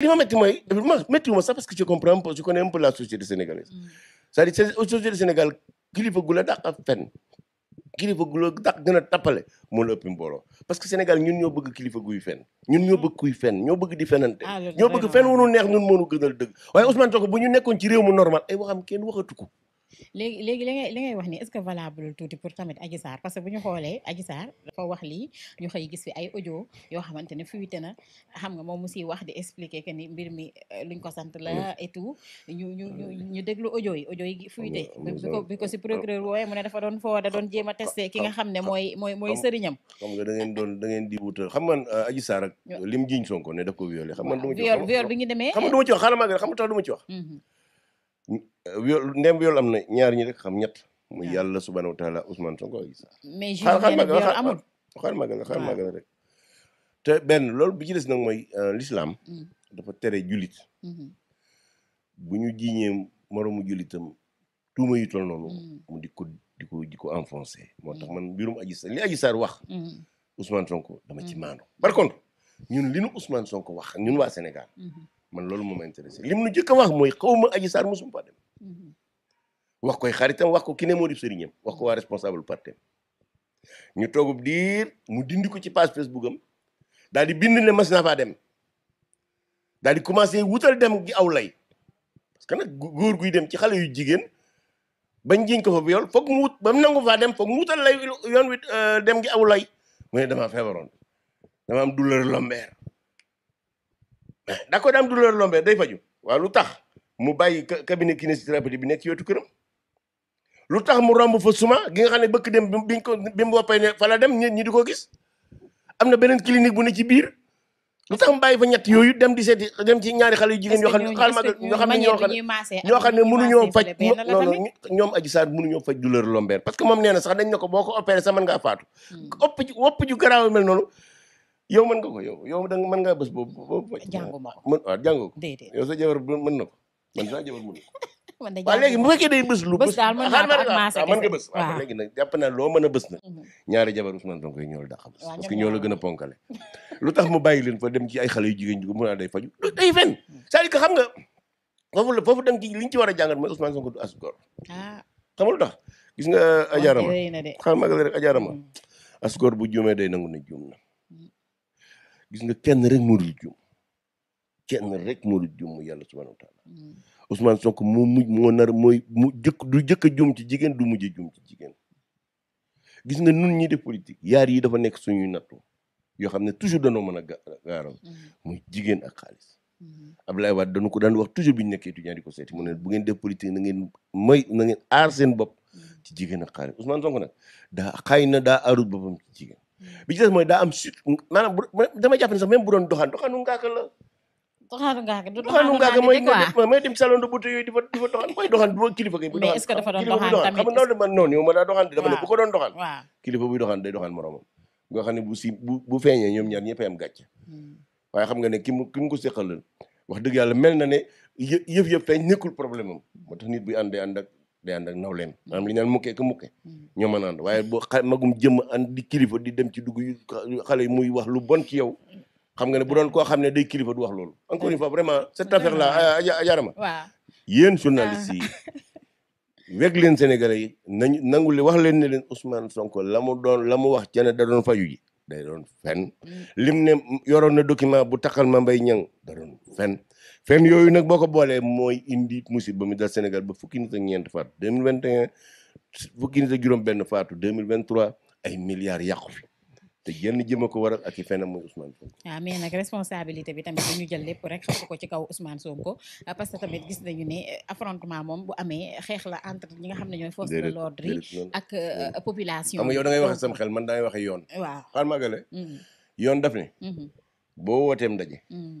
li ma mooy man métti wu sax parce que je comprends un peu je connais société sénégalaise. Mm. cest à société Sénégal kilifa gu la dàq a fen kilifa gu la dàq gën a tappale moo la ëpp mbooloo parce que Sénégal ñun ñoo bëgg kilifa guy fen ñun ñoo bëgg kuy fen ñoo bëgg di fenante ah, ñoo bëgg fen wunu neex ñun moonu gënal dëgg waaye Ousmane Sonko bu ñu nekkoon ci réew mu normal ay waxam kenn waxatu ko léegi léegi li ngay li ngay wax ni est-ce que valable tuuti pour tamit Adji Sarr parce que bu ñu xoolee Adji Sarr dafa wax lii ñu xëy gis fi ay audio yoo xamante ne fuité na xam nga moom mu siy wax di expliquer que ni mbir mi euh, luñ ko sant la et tout ñu ñu ñu ñu déglu audio yi audio yi fuité bi ko bi ko si procureur wooye mu ne dafa doon foo a testé euh, lim jiñ Sonko ne daf ko violé xam man du ma ci wax viol ndem viol am na ñaar ñi rek xam ñett mu ah. yàlla subhanahu wa taala Ousmane Sonko a Issa mais rek te benn loolu bi ci des nag mooy euh, l'islam hmm. dafa tere jullit hmm. bu ñu jiiñee moroomu jullitam tuuma yu tol noonu hmm. mu di ko di moo tax man mbirum Adji Sarr li Adji Sarr wax Ousmane Sonko dama ci maandu contre ñun li nu Ousmane Sonko wax ñun waa Sénégal man loolu moom intéressé lim nu jëkk a wax mooy xaw ma Adji Sarr mosuma fa dem mhm. wax koy xaritam wax ko ki ne moo def sëriñam wax ko waa responsable parti ñu toogub diir mu dindi ko ci page Facebook am daal di bind ne mas naa dem daal di commencé wutal dem gi aw lay parce que nag góor guy dem ci xale yu jigéen bañ jiñ ko fa bu yoon foog mu wut ba mu nangu faa euh, dem gi aw lay mu ne damaa feebaroon dama am douleur d'accord daam douleur lombaire day faju waaw lu tax mu bàyyi cabinet kinésithérapie bi nekk ci wetu këram lu tax mu romb fa suma gi nga xam ne bëkk dem biñ ko bi mu ñi di ko gis am na beneen clinique bu ne ci biir lu tax mu bàyyi fa ñett yooyu dem di seeti ñaari xale yu jigéen ñoo xam ne xaal magal ñoo xam ne ñoo xam ne ñoo xam ne mënuñoo faj non non parce que moom nee sax dañ ne ko boo ko opéré sax mën faatu opp hmm. ju wopp mel noonu yow mën nga ko yow yow da nga mën ngaa bés boobu. jàngu ma ko ah, mën waaw ah, jàngu ko. déedéet yow sa jabar mën na ko man sa jabar mën na ko. man de waaw léegi bu fekkee day bés lu bés daal mën naa ko ak maase man nga bés waaw léegi nag jàpp naa loo mën a bés nag mhm. ñaari jabar Ousmane Sonko yi ñoo la dàqa bés parce que ñoo la gën a ponkale lu tax mu bàyyi leen fa dem ci ay xale yu jigéen ju mu naa day faju day fen mhm. c'est-à-dire xam nga foofu la foofu dem ci li ñu ci war a jàngat ma mooy Ousmane Sonko du as góor ah. xam lu tax gis nga ajaarama xam nga rek ajaarama mhm. as góor bu juumee day nangu ne juum na gis nga kenn rek moo dul kenn rek mu dul mu yàlla subhanahu wa taala mm. Ousmane mu moo mujj nar mooy mu jëkk du jëkk a juum jigéen du mujj a juum jigéen gis nga nun ñi def politique yaar yi dafa nekk suñuy nattu yoo xam ne toujours danoo mën a gaaral mm-hmm. muy jigéen ak xaalis mm-hmm. Abdoulaye Wade dañu ko daan wax toujours bi ñu nekkee étudiant di ko seet mu ne bu ngeen def politique ngeen may na ngeen aar seen bopp mm-hmm. ci jigéen ak xaalis Ousmane Sonko nag daa xay na daa aarut boppam ci jigéen bi ci des mooy daa am sut maanaam dama jàpp ne sax bu doon doxaan doxaanu ngaaka la. doxaanu ngaaka du doxaanu ngaaka mooy mooy dem salon de beauté yooyu di fa di fa doxaan mooy doxaan bu kilifa kay. mais est ne bu ko doon doxaan. waaw doxaan day doxaan moromam. bu si ñoom ñaar ñëpp am gàcce. Hmm. waaye xam nga ne ki mu ki mu ko seqal wax dëgg yàlla mel na ne yëf yëf feeñ nekkul problème am moo tax nit buy àndee ànd day ànd ak nawleem maanaam li ñu naan mukkee ka mukke mm. ñoo mën a ànd waaye boo xa magum jëmm ànd di kilifa di dem ci dugg yu xale yi muy wax lu bon ci yow xam nga ne bu doon koo xam ne day kilifa du wax loolu encore une fois vraiment cette affaire là ah, ah, Yarama ah, waaw yéen journalistes yi weg leen Sénégalais yi nañu nangu li wax leen ne leen Ousmane Sonko la mu doon la mu wax ca ne da doon faju ji day doon fen mm. lim ne yoroon na document bu takkal ma mbay ñang da fen fenn yooyu nag boo ko boolee mooy indi musiba mi dal Sénégal ba fukki nit ak ñeent faatu 2021 fukki nit ak juróom-benn faatu 2023 ay milliards yàqu fi te yenn jëma ko waral ak i fenam mooy Ousmane Sonko. waaw ah, mais nag bi tamit dañu jël lépp ko ci kaw Ousmane Sonko parce que tamit gis nañu ne affrontement moom bu amee xeex la entre ñi nga xam ne ñooy force de l'ordre yi ak euh, population. xam nga yow ngay wax sam xel man da ngay waxe yoon. waaw xaaral maa mm-hmm. yoon daf ne. Mm-hmm. boo wootee ndaje. Mm-hmm.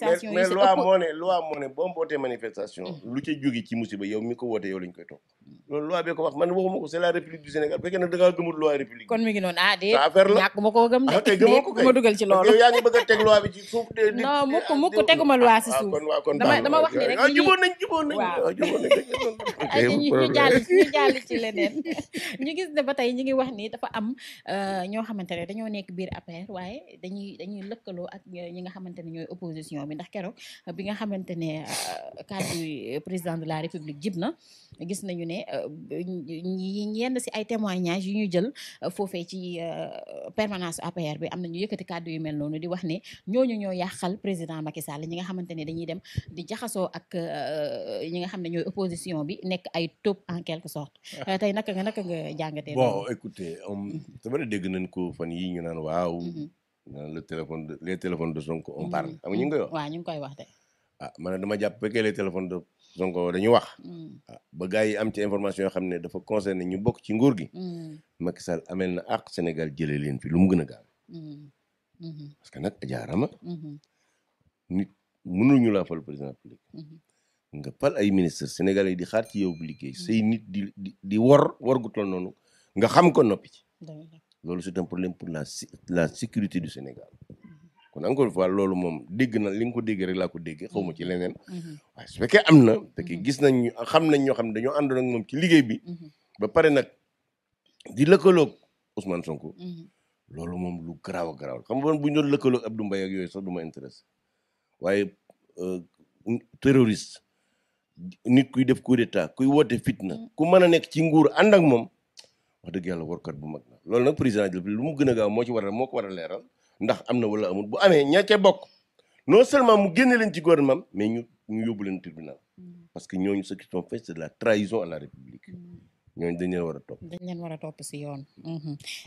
manifestation yi mais loi moo ne loi moo ne boo lu ca jóge ci musiba yow mi ko wootee yow lañ koy topp. loolu loi bi ko wax man waxuma ko c'est la république du Sénégal bu fekkee nag da ngaa gëmul kon mi ngi noonu ah, de. ah kay ko kay ma dugal ci loolu. yow yaa ngi bëgg a teg loi bi ci suuf. de di non mukk mukk teguma loi si ah, suuf. dama wax ni rek. ah juboon nañ ñu ci leneen ñu gis ne ba tey ñu ngi wax ni dafa am euh, ñoo xamante ne dañoo nekk biir APR waaye dañuy dañuy lëkkaloo ak ñi nga xamante ne ñooy opposition bi ndax keroog bi nga xamante ne euh, kàddu président de la république jib na gis nañu Euh, ñi yenn si ay témoignages yu ñu jël euh, foofee ci euh, permanence APR bi am na ñu yëkkati kàddu yu mel noonu di wax ne ñooñu ñoo yàqal président Macky Sall ñi nga xamante ne dañuy dem di jaxasoo ak ñi nga xam ne ñooy opposition bi nekk ay top en quelque sorte. Ah. tey naka nga naka nga ne mm-hmm. dégg nañ ko fan yi ñu naan waaw. Mm-hmm. le téléphone de Sonko on parle. Mm-hmm. xam ñu ngi koy wax ah man ne dama jàpp fekkee les téléphones de Sonko dañu wax. Mm. Ah, ba gars yi am ci information yoo xam ne dafa concerné ñu bokk ci nguur gi. Mm. Macky Sall amel na ak Sénégal jëlee leen fi lu mu gën a gaaw. Mm. Mm-hmm. parce que nag jaarama. Mm-hmm. nit mënuñu laa mm-hmm. fal président public. nga pal ay ministre Sénégal yi di xaar ci yow bu liggéey say nit di di di war war gu toll noonu nga xam ko noppi ci. loolu c'est un problème pour la la sécurité du Sénégal. kon encore une fois loolu moom dégg na li nga ko dégg rek laa ko dégg xaw ma ci mm-hmm. leneen. Mm-hmm. waaye su fekkee am na. te mm-hmm. gis nañ ñu xam nañ ñoo xam ne dañoo àndoon moom ci liggéey bi. ba pare nag di lëkkaloog Sonko. loolu moom lu garaaw a garaaw xam nga bu ñu doon lëkkaloo ak Abdou Mbaye ak yooyu sax du ma intéressé waaye euh, terroriste nit kuy def coup d'état kuy woote fitna ku mën a nekk ci nguur ànd ak moom wax dëgg yàlla warkat bu mag na loolu nag président de lu mu gën a gaaw moo ci war a moo ko war a leeral ndax am na wala amul bu amee ña ca bokk non seulement mu génne leen ci gouvernement mais ñu ñu yóbbu leen tribunal mm. parce que ñooñu ce qu'ils ont fait c'est de la trahison à la république mm. ñooñu dañoo leen war a topp. dañ leen war a topp si yoon. Mm-hmm.